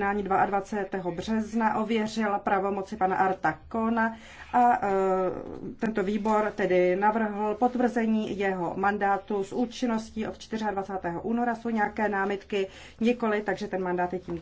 jednání 22. března ověřil pravomoci pana Arta Kona a e, tento výbor tedy navrhl potvrzení jeho mandátu s účinností od 24. února. Jsou nějaké námitky? Nikoli, takže ten mandát je tím